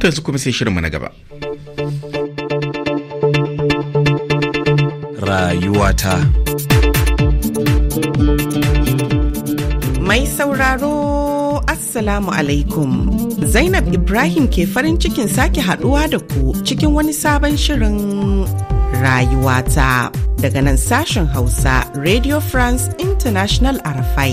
ta yanzu kuma sai shirinmu na gaba. Rayuwata Mai sauraro Assalamu alaikum Zainab Ibrahim ke farin cikin sake haduwa da ku cikin wani sabon shirin rayuwata daga nan sashen Hausa Radio France International Arafai.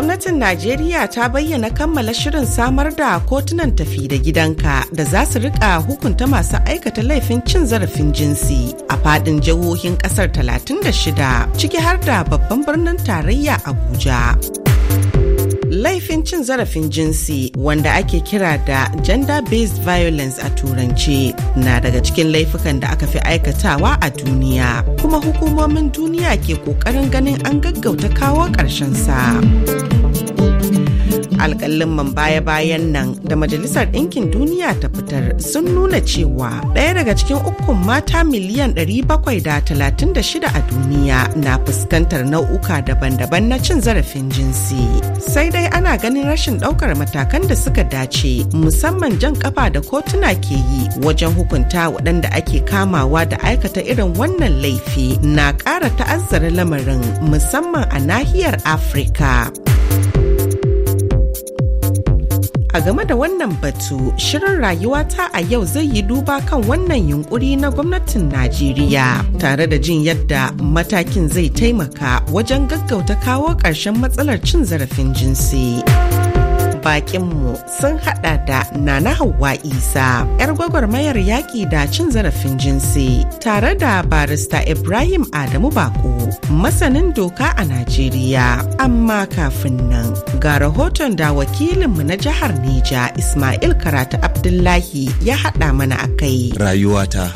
Gwamnatin Najeriya ta bayyana kammala shirin samar da kotunan tafi da gidanka da za su rika hukunta masu aikata laifin cin zarafin jinsi a fadin jihohin kasar 36 ciki har da babban birnin tarayya Abuja. laifin cin zarafin jinsi wanda ake kira da gender-based violence a turance na daga cikin laifukan da aka fi aikatawa a duniya kuma hukumomin duniya ke ƙoƙarin ganin an gaggauta kawo ƙarshen sa. alƙalin baya-bayan nan da majalisar ɗinkin duniya ta fitar sun nuna cewa ɗaya daga cikin ukun mata miliyan 736 a duniya na fuskantar nau'uka daban-daban na cin zarafin jinsi sai dai ana ganin rashin ɗaukar matakan da suka dace musamman jan kafa da kotuna ke yi wajen hukunta waɗanda ake kamawa da aikata irin wannan laifi na ƙara ta'azzara lamarin musamman a nahiyar afirka A game da wannan batu, shirin rayuwata a yau zai yi duba kan wannan yunkuri na gwamnatin Najeriya tare da jin yadda matakin zai taimaka wajen gaggauta kawo ƙarshen matsalar cin zarafin jinsi. bakinmu sun hada da Nana Hauwa Isa, 'yar gwagwarmayar yaƙi da cin zarafin jinsi, tare da barista Ibrahim Adamu Bako, masanin doka a Najeriya. Amma kafin nan, ga rahoton da wakilinmu na jihar Nija Ismail Karatu Abdullahi ya hada mana a kai. Rayuwata.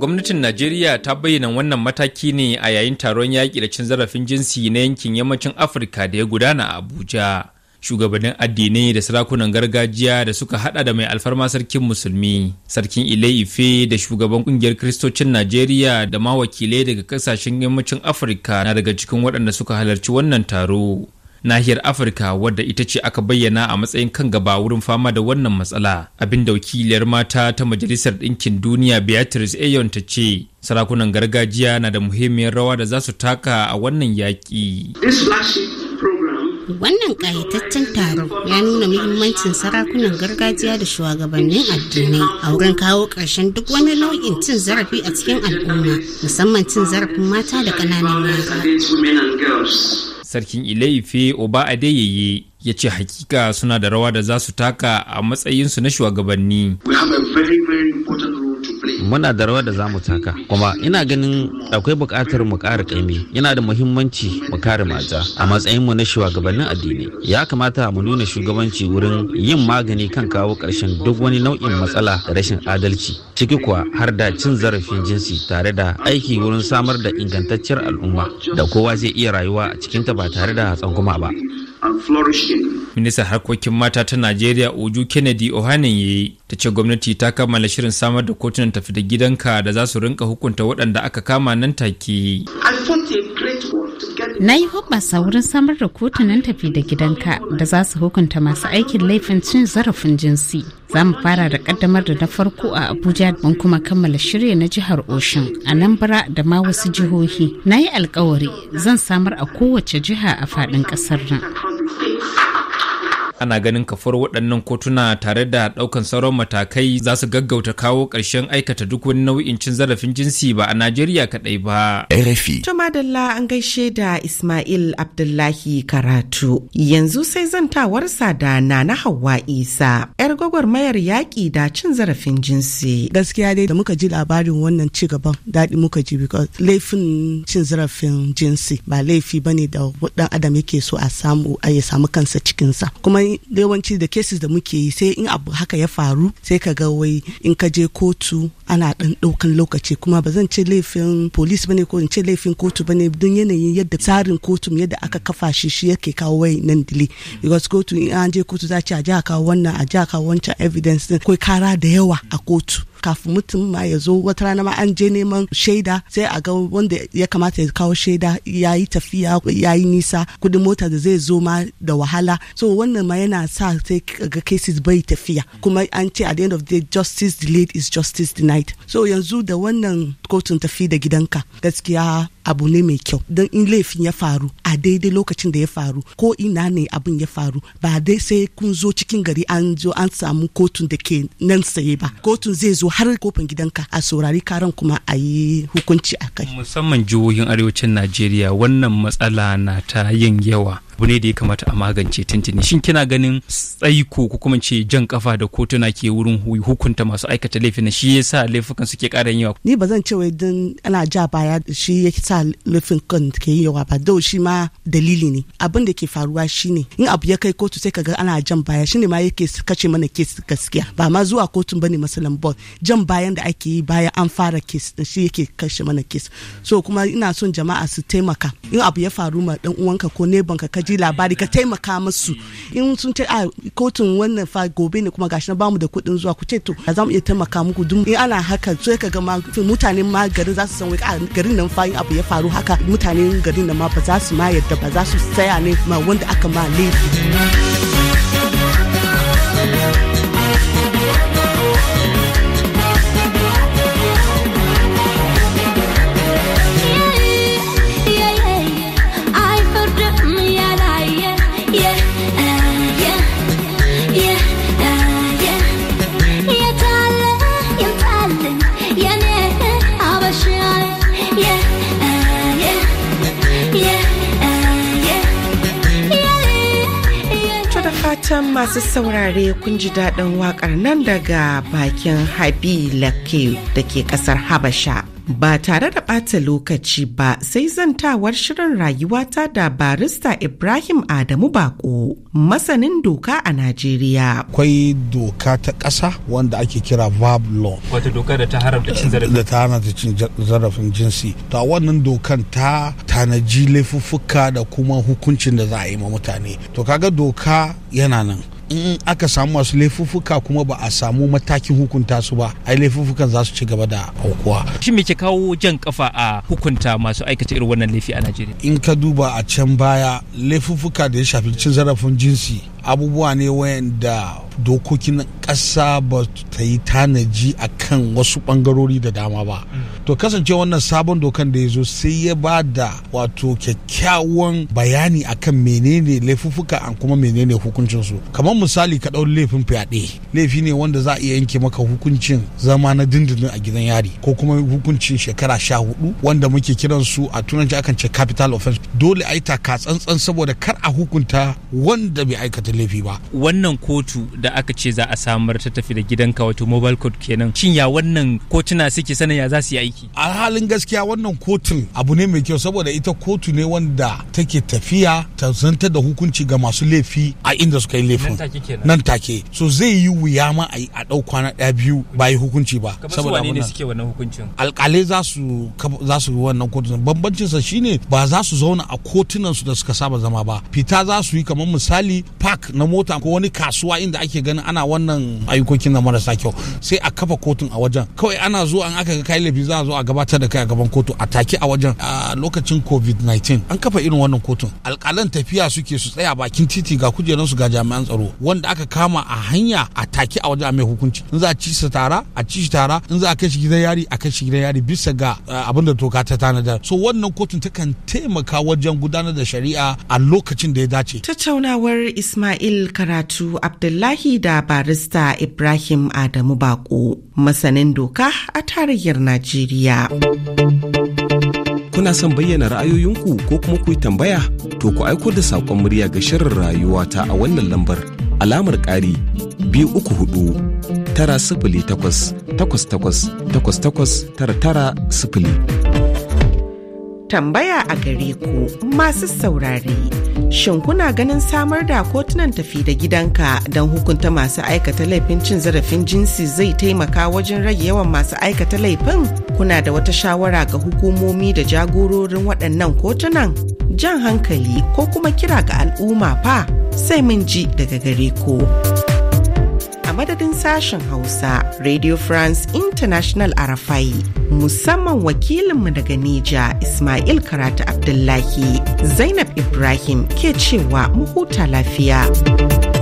gwamnatin najeriya ta bayyana wannan mataki ne a yayin taron yaƙi da cin zarafin jinsi na yankin yammacin afirka da ya gudana a abuja shugabannin addinai da sarakunan gargajiya da suka hada da mai alfarma sarkin musulmi sarkin ile ife da shugaban kungiyar kristocin najeriya da ma wakilai daga kasashen yammacin afirka na daga cikin waɗanda suka halarci wannan taro nahiyar afirka wadda ita ce aka bayyana a matsayin kan gaba wurin fama da wannan matsala abin da wakiliyar mata ta majalisar ɗinkin duniya beatrice ayon ta ce sarakunan gargajiya na da muhimmiyar rawa da za su taka a wannan yaƙi. wannan ƙayataccen taron ya nuna muhimmancin sarakunan gargajiya da shugabannin addinai a wurin kawo ƙarshen duk wani nau'in cin zarafi a cikin al'umma musamman cin zarafin mata da ƙananan yara. sarkin ilaife oba adeyeye ya ce hakika suna da rawa da za su taka a matsayinsu na shugabanni. muna da rawar da za mu taka kuma ina ganin akwai buƙatar mu ƙara ƙaimi yana da muhimmanci mu kare mata a matsayin mu na shugabannin addini ya kamata mu nuna shugabanci wurin yin magani kan kawo ƙarshen duk wani nau'in matsala da rashin adalci ciki kuwa har da cin zarafin jinsi tare da aiki wurin samar da ingantacciyar al'umma da kowa zai iya rayuwa a cikinta ba tare da tsangwama ba and flourishing. Ministan harkokin mata ta Najeriya Oju Kennedy Ohanen ya yi ta ce gwamnati ta kammala shirin samar da kotunan tafi da gidanka da za su rinka hukunta waɗanda aka kama nan take. Na yi hoɓasa wurin samar da kotunan tafi da gidanka da za su hukunta masu aikin laifin cin zarafin jinsi. Za mu fara da kaddamar da na farko a Abuja mun kuma kammala shirya na jihar Oshun, Anambra da ma wasu jihohi. Na yi alkawari zan samar a kowace jiha a faɗin ƙasar nan. ana ganin kafar waɗannan kotuna tare da ɗaukan sauran matakai za su gaggauta kawo ƙarshen aikata duk wani nau'in cin zarafin jinsi ba a Najeriya kaɗai ba. RFI. To madalla an gaishe da Ismail Abdullahi Karatu. Yanzu sai zantawarsa da Nana hawa Isa, 'yar gwagwarmayar yaƙi da cin zarafin jinsi. Gaskiya dai da muka ji labarin wannan ci gaban daɗi muka ji because laifin cin zarafin jinsi ba laifi bane da ɗan adam yake so a samu a ya samu kansa cikinsa. Kuma yawanci da cases da muke yi sai in abu haka ya faru sai ka ga wai in ka je kotu ana dan daukan lokaci kuma ba zan ce laifin police bane ko in ce laifin kotu bane don yanayin yadda tsarin kotu yadda aka kafa shi shi yake kawo wai nan dile because kotu in an je kotu za a a ji a kawo wannan a ji a kawo wancan evidence din akwai kara da yawa a kotu kafin mutum ma ya zo wata rana ma an je neman shaida sai a ga wanda ya kamata ya kawo shaida ya yi tafiya ya yi nisa kudin mota da zai zo ma da wahala so wannan ma yana sa sai ga cases bai tafiya kuma an ce at the end of the day justice delayed is justice denied so yanzu da wannan kotun tafi da gidanka gaskiya abu ne mai kyau don in laifin ya faru a daidai lokacin da ya faru ko ina ne abin ya faru ba dai sai kun zo cikin gari an zo an samu kotun da ke nan saye ba kotun zai zo har kofin gidanka a saurari karan kuma a yi hukunci a kai musamman jihohin arewacin najeriya wannan matsala na ta yin yawa abu ne da ya kamata a magance tuntuni shin kina ganin tsaiko ko kuma ce jan kafa da kotuna ke wurin hukunta masu aikata laifin shi yasa laifukan suke karan yawa ni ba zan ce wai dan ana ja baya shi ya sa laifin kan ke yawa ba dau shi ma dalili ne abin da ke faruwa shine in abu ya kai kotu sai ka ga ana jan baya shine ma yake kace mana kes gaskiya ba ma zuwa kotun bane masalan bot jan bayan da ake yi baya an fara kes shi yake kashe mana kes so kuma ina son jama'a su taimaka in abu ya faru ma dan uwanka ko neban ka ji labari ka taimaka musu in sun ce a ah, kotun wannan fa gobe ne kuma gashi na bamu da kuɗin zuwa ku ce to za mu iya taimaka muku dun in ana haka sai ka ga mutanen ma garin za su san wai ah, garin nan fa abu ya faru haka mutanen garin nan ma ba za su ma yadda ba za su tsaya ne ma wanda aka ma laifi. fatan masu saurare kun ji daɗin waƙar nan daga bakin Habi Lakke da ke ƙasar Habasha. Ba tare da ɓata lokaci ba sai zantawar shirin rayuwata da barista Ibrahim Adamu Bako, masanin doka a Najeriya. Akwai doka ta ƙasa wanda ake kira VAB law. Wata doka da ta haramta Da ta haramta cin zarafin jinsi. To a wannan dokan ta tanaji laifuffuka da kuma hukuncin da za a yi ma mutane. To kaga doka yana nan. in aka samu masu laifuffuka kuma ba a samu matakin hukunta su ba ai laifuffukan za su ci gaba da aukuwa shi me ke kawo jan kafa a hukunta masu aikata irin wannan laifi a Najeriya in ka duba a can baya laifuffuka da ya shafi cin zarafin jinsi abubuwa ne wayanda dokokin ƙasa ba ta yi tanaji a kan wasu ɓangarori da dama ba mm. to kasance wannan sabon dokan da ya zo sai ya ba da wato kyakkyawan bayani a kan menene laifuffuka an kuma menene hukuncinsu kamar misali ka ɗau laifin fyaɗe laifi ne wanda za a iya yanke maka hukuncin zama na dindindin a gidan yari ko kuma hukuncin shekara sha hudu wanda muke kiran su a turanci akan ce capital offense dole a yi taka saboda kar a hukunta wanda bai aikata laifi ba wannan kotu da da aka ce za a samar ta tafi da gidanka wato mobile code kenan shin ya wannan kotuna suke sanin ya za su yi aiki a halin gaskiya wannan kotun abu ne mai kyau saboda ita kotu ne wanda take tafiya ta zanta da hukunci ga masu laifi a inda suka yi laifin nan take so zai yi wuya ma a dau kwana ɗaya biyu ba yi hukunci ba saboda ne suke wannan hukuncin alƙalai za su za su wannan kotun bambancin sa shine ba za su zauna a kotunan su da suka saba zama ba fita za su yi kamar misali park na mota ko wani kasuwa inda ake ake ganin ana wannan ayyukokin na marasa kyau sai a kafa kotun a wajen kawai ana zuwa an aka kai laifi za a zo a gabatar da kai a gaban kotu a take a wajen a lokacin covid-19 an kafa irin wannan kotun alkalan tafiya suke su tsaya bakin titi ga kujeran su ga jami'an tsaro wanda aka kama a hanya a take a wajen a mai hukunci in za a ci shi tara a ci shi tara in za a kai shi gidan yari a kai shi gidan yari bisa ga eh, abin da toka ta tanada. so wannan kotun takan taimaka wajen gudanar da shari'a a lokacin da ya dace tattaunawar Ismail Karatu Abdullahi Abdullahi da barista Ibrahim Adamu Bako, masanin doka a tarihiyar Najeriya. Kuna son bayyana ra'ayoyinku ko kuma ku yi tambaya? To ku aiko da saƙon murya ga shirin rayuwa ta a wannan lambar alamar ƙari biyu uku hudu tara sifili takwas takwas takwas takwas takwas tara tara sifili. Tambaya a gare ku masu saurare, shin kuna ganin samar da kotunan tafi da gidanka don hukunta masu aikata laifin cin zarafin jinsi zai taimaka wajen rage yawan masu aikata laifin? Kuna da wata shawara ga hukumomi da jagororin waɗannan kotunan? Jan hankali ko kuma kira ga al'umma fa sai mun ji daga gare ku. madadin sashen Hausa Radio France International Arafai musamman wakilinmu daga Nija Ismail Karatu Abdullahi Zainab Ibrahim ke cewa mu huta lafiya.